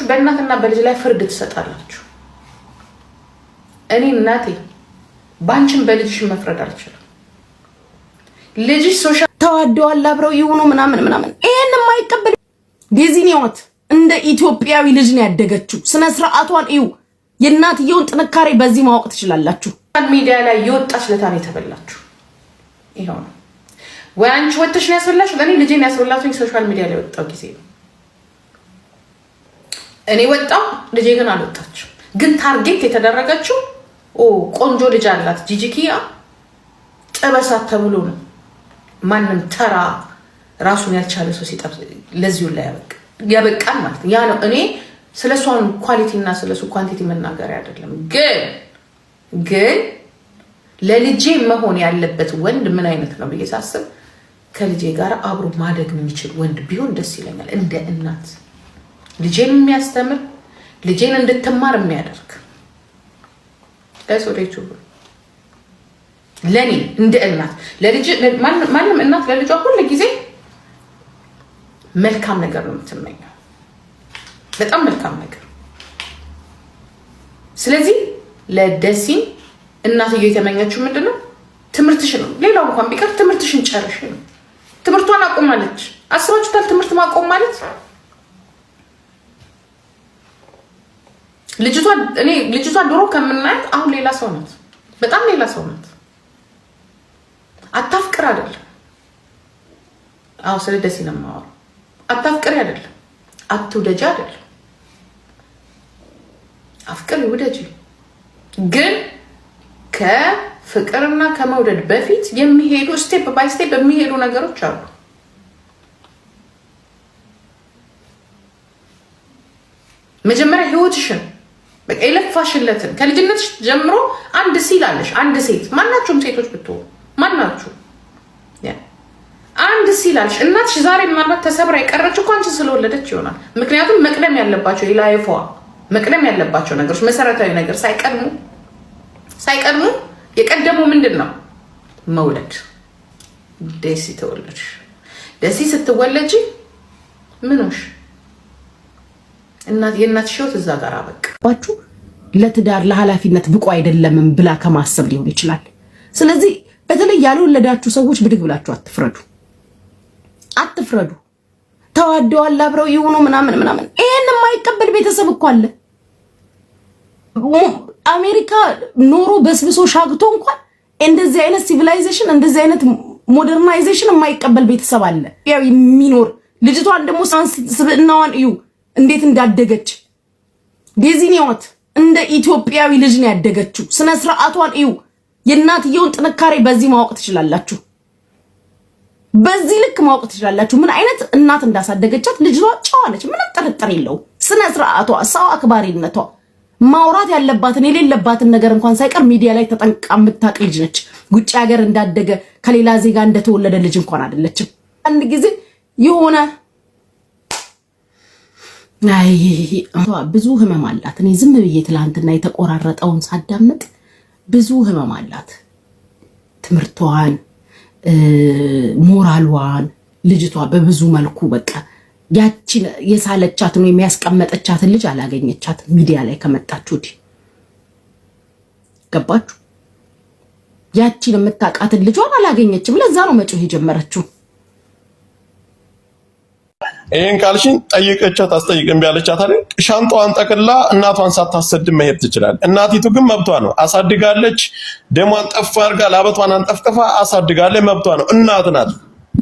ሁላችሁ በእናትና በልጅ ላይ ፍርድ ትሰጣላችሁ። እኔ እናቴ በአንቺን በልጅሽ መፍረድ አልችልም። ልጅሽ ሶሻል ተዋደዋል አብረው ይሁኑ ምናምን ምናምን ይሄን የማይቀበል ዴዚን እንደ ኢትዮጵያዊ ልጅ ነው ያደገችው። ስነ ስርዓቷን እዩ። የእናትየውን ጥንካሬ በዚህ ማወቅ ትችላላችሁ። ሚዲያ ላይ የወጣች ለታን የተበላችሁ ይኸው ነው ወይ አንቺ ወጥተሽ ነው ያስበላሽ። በእኔ ልጄን ያስበላችሁ ሶሻል ሚዲያ ላይ ወጣው ጊዜ ነው። እኔ ወጣው ልጄ ግን አልወጣችው። ግን ታርጌት የተደረገችው ቆንጆ ልጅ አላት ጂጂኪያ ጥበሳት ተብሎ ነው። ማንም ተራ ራሱን ያልቻለ ሰው ሲጠብ ለዚሁ ላይ ያበቃል ማለት ያ ነው እኔ ስለ እሷን ኳሊቲ እና ስለ እሱ ኳንቲቲ መናገር አይደለም። ግን ግን ለልጄ መሆን ያለበት ወንድ ምን አይነት ነው ብዬ ሳስብ ከልጄ ጋር አብሮ ማደግ የሚችል ወንድ ቢሆን ደስ ይለኛል እንደ እናት ልጄን የሚያስተምር ልጄን እንድትማር የሚያደርግ ለሶሬቹ ለእኔ እንደ እናት ማንም እናት ለልጇ ሁል ጊዜ መልካም ነገር ነው የምትመኘው፣ በጣም መልካም ነገር። ስለዚህ ለደሲ እናትዬ የተመኘችው ምንድን ነው? ትምህርትሽ ነው። ሌላው እንኳን ቢቀር ትምህርትሽን ጨርሽ ነው። ትምህርቷን አቆማለች። አስባችሁታል? ትምህርት ማቆም ማለት ልጅቷ ድሮ ከምናያት አሁን ሌላ ሰው ናት። በጣም ሌላ ሰው ናት። አታፍቅር አይደለም። አሁ ስለ ደሴ ነው የማወራው። አታፍቅሪ አይደለም፣ አትውደጂ አይደለም። አፍቅሪ ውደጂ፣ ግን ከፍቅርና ከመውደድ በፊት የሚሄዱ ስቴፕ ባይ ስቴፕ የሚሄዱ ነገሮች አሉ። መጀመሪያ ህይወትሽን በቃ የለፋሽለትን ከልጅነት ጀምሮ አንድ ሲል አለሽ። አንድ ሴት ማናችሁም ሴቶች ብትሆኑ ማናችሁ አንድ ሲል አለሽ። እናትሽ ዛሬ ምናልባት ተሰብራ የቀረች እኮ አንቺ ስለወለደች ይሆናል። ምክንያቱም መቅደም ያለባቸው የላይፏ መቅደም ያለባቸው ነገሮች መሰረታዊ ነገር ሳይቀድሙ ሳይቀድሙ የቀደሙ ምንድን ነው መውለድ። ደስ ተወለድሽ። ደስ ስትወለጂ ምኖሽ የእናትሽ ሕይወት እዛ ጋር አበቃ። ያገባችሁ ለትዳር ለኃላፊነት ብቁ አይደለምም ብላ ከማሰብ ሊሆን ይችላል። ስለዚህ በተለይ ያልወለዳችሁ ሰዎች ብድግ ብላችሁ አትፍረዱ፣ አትፍረዱ። ተዋደዋል አብረው ይሁኑ ምናምን ምናምን፣ ይሄን የማይቀበል ቤተሰብ እኮ አለ። አሜሪካ ኖሮ በስብሶ ሻግቶ እንኳን እንደዚህ አይነት ሲቪላይዜሽን እንደዚህ አይነት ሞደርናይዜሽን የማይቀበል ቤተሰብ አለ ያው የሚኖር ልጅቷን ደግሞ ሳንስ ስብዕናዋን እዩ እንዴት እንዳደገች ዴዚን እንደ ኢትዮጵያዊ ልጅ ነው ያደገችው። ስነ ስርዓቷን እዩ። የእናትየውን ጥንካሬ በዚህ ማወቅ ትችላላችሁ። በዚህ ልክ ማወቅ ትችላላችሁ፣ ምን አይነት እናት እንዳሳደገቻት። ልጅቷ ጨዋ ነች፣ ምንም ጥርጥር የለው ስነ ስርዓቷ፣ ሰው አክባሪነቷ፣ ማውራት ያለባትን የሌለባትን ነገር እንኳን ሳይቀር ሚዲያ ላይ ተጠንቅቃ የምታውቅ ልጅ ነች። ውጭ ሀገር እንዳደገ ከሌላ ዜጋ እንደተወለደ ልጅ እንኳን አይደለችም። አንድ ጊዜ የሆነ ብዙ ህመም አላት። እኔ ዝም ብዬ ትላንትና የተቆራረጠውን ሳዳምጥ ብዙ ህመም አላት። ትምህርቷን፣ ሞራሏን ልጅቷ በብዙ መልኩ በቃ ያቺን የሳለቻትን ወይም ያስቀመጠቻትን ልጅ አላገኘቻትም። ሚዲያ ላይ ከመጣችሁ ወዲህ ገባችሁ? ያቺን የምታውቃትን ልጇን አላገኘችም። ለዛ ነው መጮህ የጀመረችው። ይህን ካልሽኝ ጠይቀቻት አስጠይቅም ቢያለቻት አይደል ሻንጣዋን ጠቅላ እናቷን ሳታሰድ መሄድ ትችላል። እናቲቱ ግን መብቷ ነው፣ አሳድጋለች። ደሟን ጠፍ አድርጋ ላበቷን አንጠፍጥፋ አሳድጋለች፣ መብቷ ነው። እናት ናት።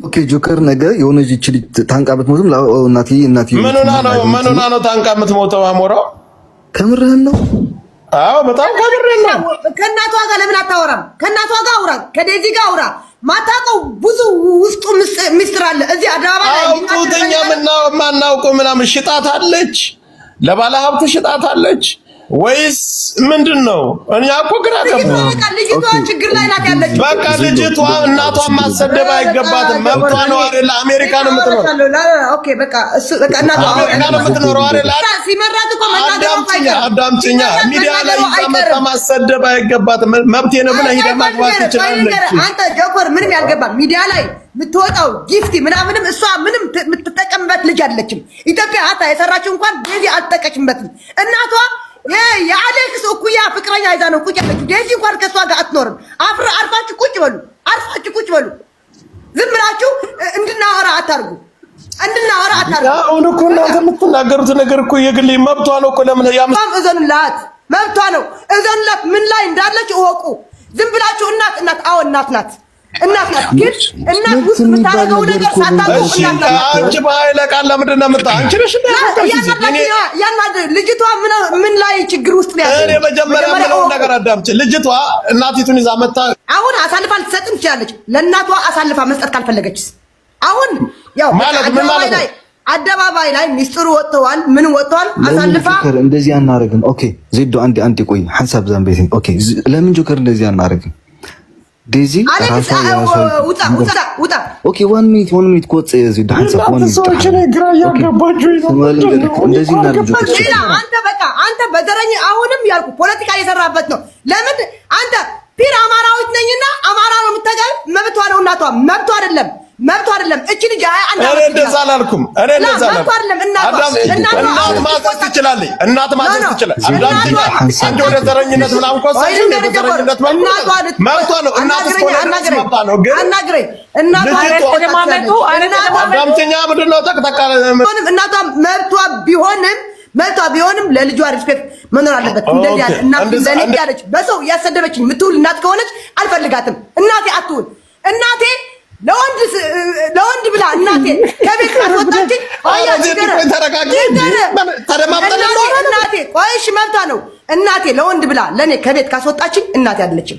ኦኬ ጆከር፣ ነገ የሆነ እዚህ ችል ታንቃ ብትሞትም እናቲ እናቲ ምን ነው ምን ሆና ነው ታንቃ የምትሞተው? አሞራው ከምርህን ነው? አዎ በጣም ከምርህን ነው። ከእናቷ ጋር ለምን አታወራም? ከእናቷ ጋር አውራ፣ ከዴዚ ጋር አውራ። ማታውቀው ብዙ ውስጡ ምስጢር አለ። እዚህ አደባባይ አውጡትኛ ምናምን ማናውቀው ምናምን ሽጣት አለች፣ ለባለ ሀብት ሽጣት ወይስ ምንድን ነው? እኔ እኮ ግራ ገባኝ። በቃ ልጅቷ እናቷን ማሰደብ አይገባትም፣ መብቷ ነው አይደል? አሜሪካ ነው የምትኖረው አይደል? አዳምጪኛ። ሚዲያ ላይ መጣ ማሰደብ አይገባትም፣ መብቴ ነው ብለህ ሂደህ ማግባት ትችላለህ። አንተ ጆከር ምንም ያልገባ ሚዲያ ላይ የምትወጣው ጊፍቲ ምናምንም እሷ ምንም የምትጠቀምበት ልጅ አለችም። ኢትዮጵያ አታ የሰራችው እንኳን ቤዚ አልጠቀችበትም እናቷ የአሌክስ እኩያ ፍቅረኛ ይዛ ነው ቁጭ ያለችው። ዴዚ እንኳን ከእሷ ጋር አትኖርም። አፍረ አርፋችሁ ቁጭ በሉ፣ አርፋችሁ ቁጭ በሉ። ዝም ብላችሁ እንድናወራ አታርጉ፣ እንድናወራ አታርጉ። አሁን እኮ እናንተ የምትናገሩት ነገር እኮ የግል መብቷ ነው እኮ ለምን ያምጣም። እዘኑላት፣ መብቷ ነው። እዘኑላት። ምን ላይ እንዳለች እወቁ። ዝም ብላችሁ እናት እናት፣ አዎ እናት ናት። እናት ናት። ችግር ያለው? እናቲቱን አሁን አሳልፋ ልትሰጥም ትችላለች። ለእናቷ አሳልፋ መስጠት ካልፈለገችስ? አሁን ያው ማለት ምን ማለት ነው? አደባባይ ላይ ሚስጥሩ ወጥተዋል። ምን ወጥተዋል? አሳልፋ እንደዚህ አናደርግም። ኦኬ ዜዶ አንዴ አንዴ ቆይ ሐሳብ ዛምቤት ኦኬ ለምን ጆከር እንደዚህ አናደርግም ዴዚ ራሷ የራሷ uh, አንተ በቃ አንተ በዘረኝ አሁንም ያልኩ ፖለቲካ ነው። ለምን አንተ ፒር አማራዊት ነኝና አማራ ነው የምታገል መብቷ ነው እናቷ መብቷ አይደለም መብቱ አይደለም። እቺ ልጅ አይ አንድ አመት እንደዛ አላልኩም እኔ እንደዛ አላልኩም። እናት ማዘዝ ትችላለች። እናት ማዘዝ ትችላለች። አንድ ወደ ዘረኝነት ምናምን እኮ ሳይሆን ወደ ዘረኝነት መብቷ ነው። እናት ስኮላ መብቷ ነው። ግን አናግረኝ እናቷ ተደማመጡ አዳምተኛ ምንድን ነው ጠቅጠቃ እናቷ መብቷ ቢሆንም መብቷ ቢሆንም ለልጇ ሪስፔክት መኖር አለበት። እንደዚህ ያለች በሰው ያሰደበችኝ የምትውል እናት ከሆነች አልፈልጋትም። እናቴ አትውል እናቴ ለወንድ ብላ እናቴ ከቤት አትወጣችኝ። ተደማምጠን እናቴ ቆይሽ መብታ ነው እናቴ ለወንድ ብላ ለእኔ ከቤት ካስወጣችኝ እናቴ አይደለችም።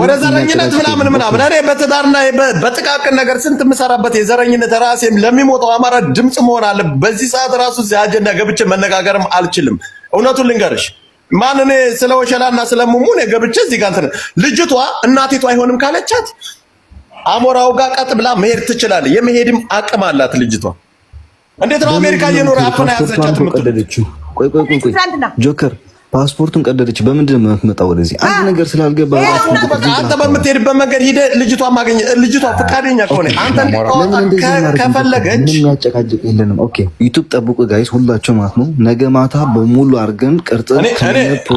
ወደ ዘረኝነት ምናምን ምናምን እኔ በትዳርና በጥቃቅን ነገር ስንት የምሰራበት የዘረኝነት ራሴም ለሚሞጣው አማራ ድምፅ መሆን አለ። በዚህ ሰዓት ራሱ እዚህ አጀንዳ ገብቼ መነጋገርም አልችልም። እውነቱን ልንገርሽ ማን እኔ ስለ ወሸላና ስለ ሙሙ እኔ ገብቼ እዚህ ጋር ልጅቷ እናቴቷ አይሆንም ካለቻት አሞራው ጋር ቀጥ ብላ መሄድ ትችላለች። የመሄድም አቅም አላት ልጅቷ። እንዴት ነው አሜሪካ እየኖረ አፍና ያዘቻት ምትል ጆከር ፓስፖርቱን ቀደደች። በምንድን ነው የምትመጣው ወደዚህ? አንድ ነገር ስላልገባ አንተ በምትሄድበት መንገድ ሂደህ ልጅቷ ማገኘ ልጅቷ ፈቃደኛ ከሆነ አንተ ከፈለገች የሚያጨቃጭቅ የለንም። ኦኬ ዩቱብ ጠብቁ ጋይስ፣ ሁላቸው ማለት ነው። ነገ ማታ በሙሉ አድርገን ቅርጽ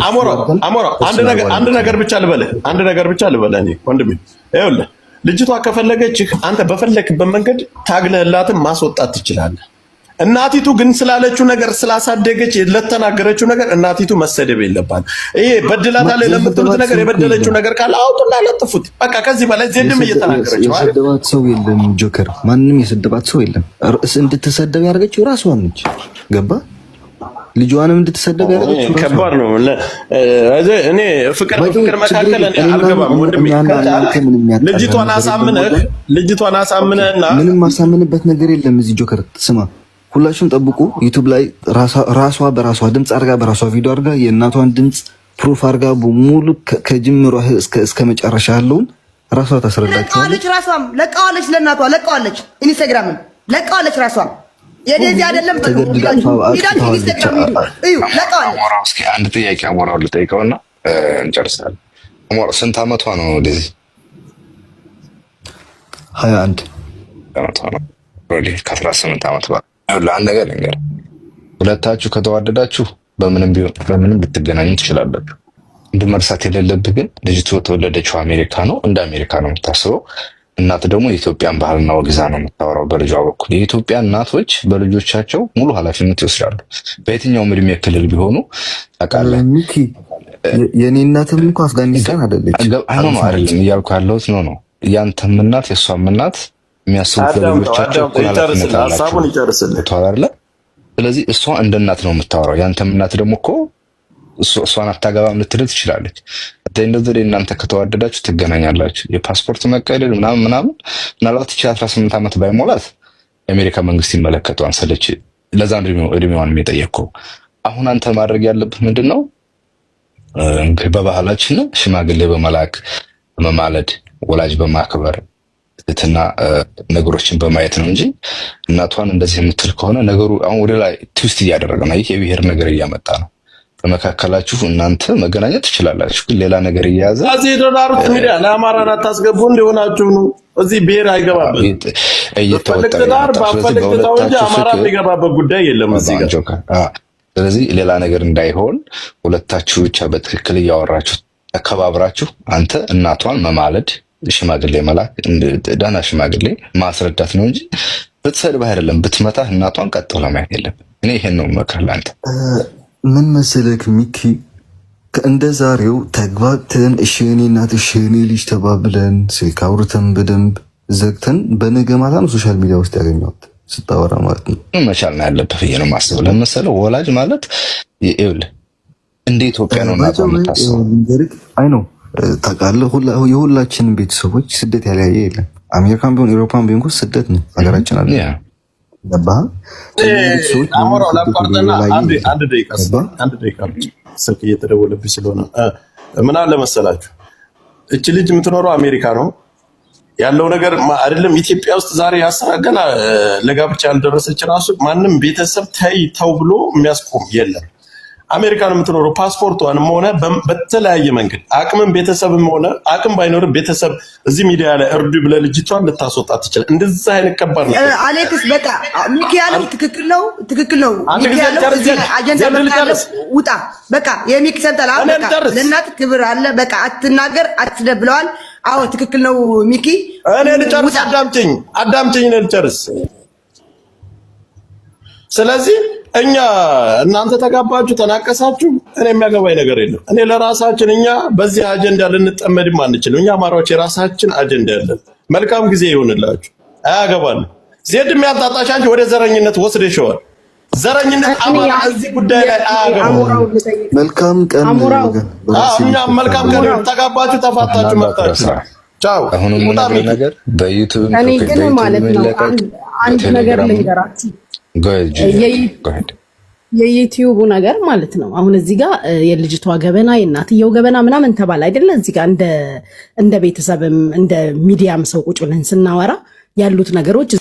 አሞራ አሞራ፣ አንድ ነገር አንድ ነገር ብቻ ልበለ አንድ ነገር ብቻ ልበለ እኔ ወንድሜ፣ ይኸውልህ ልጅቷ ከፈለገችህ አንተ በፈለክበት መንገድ ታግለህላትም ማስወጣት ትችላለህ። እናቲቱ ግን ስላለችው ነገር ስላሳደገች ለተናገረችው ነገር እናቲቱ መሰደብ የለባትም። ይሄ በድላት አለ ለምትሉት ነገር የበደለችው ነገር ካለ አውጡና ለጥፉት። በቃ ከዚህ በላይ ዜድም እየተናገረች የሰደባት ሰው የለም። ጆከር ማንም የሰደባት ሰው የለም። እንድትሰደብ ያደረገችው ራሷን ነች። ገባ ልጇንም እንድትሰደብ ያደረገችው ከባድ ነው። እኔ ፍቅር ፍቅር መካከል አልገባም ወንድሜ። ልጅቷን አሳምነህ ልጅቷን አሳምነህና ምንም ማሳምንበት ነገር የለም እዚህ ጆከር ስማ ሁላችሁም ጠብቁ። ዩቱብ ላይ ራሷ በራሷ ድምፅ አርጋ በራሷ ቪዲዮ አርጋ የእናቷን ድምፅ ፕሩፍ አርጋ ሙሉ ከጅምሮ እስከ መጨረሻ ያለውን ራሷ ታስረዳችኋለች። ራሷም ለቃዋለች፣ ለእናቷ ለቃዋለች፣ ኢንስታግራምን ለቃዋለች። ራሷም የዴዚ አይደለም አንድ ጥያቄ አሞራው ልጠይቀውና እንጨርሳለን። ስንት አመቷ ነው ዴዚ? ሀያ አንድ አመቷ ነው። ከአስራ ስምንት አመት በኋላ አንድ ነገር ልንገርህ፣ ሁለታችሁ ከተዋደዳችሁ በምንም ቢሆን በምንም ልትገናኙ ትችላላችሁ። አንዱ መርሳት የሌለብህ ግን ልጅቱ ተወለደችው አሜሪካ ነው። እንደ አሜሪካ ነው የምታስበው። እናት ደግሞ የኢትዮጵያን ባህልና ወግዛ ነው የምታወራው። በልጇ በኩል የኢትዮጵያ እናቶች በልጆቻቸው ሙሉ ኃላፊነት ይወስዳሉ። በየትኛውም እድሜ ክልል ቢሆኑ ታውቃለህ። የኔ እናትም እኮ አፍጋኒስታን አይደለች። አይሆነ አይደለም እያልኩ ያለሁት ነው ነው ያንተም እናት የእሷም እናት የሚያስቡት ለልጆቻቸው ስለዚህ እሷ እንደ እናት ነው የምታወራው። ያንተም እናት ደግሞ እኮ እሷን አታገባም ትችላለች። እንደዚ እናንተ ከተዋደዳችሁ ትገናኛላችሁ። የፓስፖርት መቀደድ ምናምን ምናምን ምናልባት አስራ ስምንት ዓመት ባይሞላት የአሜሪካ መንግስት ይመለከቷን ሰለች። ለዛ እድሜዋን አሁን አንተ ማድረግ ያለብህ ምንድን ነው? በባህላችን ሽማግሌ በመላክ በማለድ ወላጅ በማክበር ትህትና ነገሮችን በማየት ነው እንጂ እናቷን እንደዚህ የምትል ከሆነ ነገሩ አሁን ወደ ላይ ትዊስት እያደረገ ነው። ይህ የብሔር ነገር እያመጣ ነው። በመካከላችሁ እናንተ መገናኘት ትችላላችሁ፣ ግን ሌላ ነገር እየያዘ እዚህ ዶላሩት ሚዲያ ለአማራን አታስገቡ እንደሆናችሁ ነው። እዚህ ብሔር አይገባበት እየተወጣ እንጂ አማራ የሚገባበት ጉዳይ የለም እዚህ ጋር። ስለዚህ ሌላ ነገር እንዳይሆን ሁለታችሁ ብቻ በትክክል እያወራችሁ ተከባብራችሁ አንተ እናቷን መማለድ ሽማግሌ መላክ ዳና ሽማግሌ ማስረዳት ነው እንጂ ብትሰድብህ አይደለም ብትመታህ እናቷን ቀጥ ብለህ ማየት የለብህ። እኔ ይሄን ነው መክር ለአንተ። ምን መሰለክ ሚኪ፣ እንደ ዛሬው ተግባብተን እሺ የእኔ እናት እሺ የእኔ ልጅ ተባብለን ስልክ አውርተን በደንብ ዘግተን በነገ ማታ ነው ሶሻል ሚዲያ ውስጥ ያገኘሁት ስታወራ ማለት ነው። መቻል ነው ያለብህ ብዬ ነው ማስብ። ለመሰለው ወላጅ ማለት ይኸውልህ እንደ ኢትዮጵያ ነው ናት የምታስበው። አይ ነው ታውቃለህ፣ የሁላችንም ቤተሰቦች ስደት ያለያየ የለም። አሜሪካን ቢሆን ኤሮፓን ቢሆን ስደት ነው ሀገራችን አለ ስልክ እየተደወለብኝ ስለሆነ ምን አለ መሰላችሁ፣ እች ልጅ የምትኖረው አሜሪካ ነው ያለው ነገር አይደለም። ኢትዮጵያ ውስጥ ዛሬ ያሰራገና ለጋብቻ ያልደረሰች ራሱ ማንም ቤተሰብ ተይ ተው ብሎ የሚያስቆም የለም። አሜሪካን የምትኖረው ፓስፖርቷንም ሆነ በተለያየ መንገድ አቅምም ቤተሰብም ሆነ አቅም ባይኖርም ቤተሰብ እዚህ ሚዲያ ላይ እርዱ ብለ ልጅቷን ልታስወጣ ትችላል። እንደዛ አይነት ከባድ ነው። አሌክስ በቃ ሚኪ ያለው ትክክል ነው፣ ትክክል ነው። ውጣ በቃ የሚክ በቃ ለእናት ክብር አለ። በቃ አትናገር፣ አትደብለዋል። አዎ ትክክል ነው ሚኪ። እኔ ልጨርስ፣ አዳምጪኝ፣ አዳምጪኝ፣ እኔ ልጨርስ አዳምጪኝ አዳምጪኝ ልጨርስ ስለዚህ እኛ እናንተ ተጋባችሁ ተናቀሳችሁ፣ እኔ የሚያገባኝ ነገር የለም። እኔ ለራሳችን እኛ በዚህ አጀንዳ ልንጠመድም አንችልም። እኛ አማራዎች የራሳችን አጀንዳ ያለን። መልካም ጊዜ ይሆንላችሁ። አያገባን። ዜድ የሚያጣጣሽ አንቺ ወደ ዘረኝነት ወስደሽዋል። ዘረኝነት አማራ እዚህ ጉዳይ ላይ አያገባም። መልካም ቀን። መልካም ቀን። ተጋባችሁ፣ ተፋታችሁ፣ መጣችሁ ጫው። አሁን የምናገረው ነገር በዩቲዩብ እኔ ግን ማለት ነው አንድ ነገር ልንገራችሁ የዩቲዩቡ ነገር ማለት ነው። አሁን እዚህ ጋር የልጅቷ ገበና የእናትየው ገበና ምናምን ተባለ አይደለ? እዚህ ጋር እንደ ቤተሰብም እንደ ሚዲያም ሰው ቁጭ ብለን ስናወራ ያሉት ነገሮች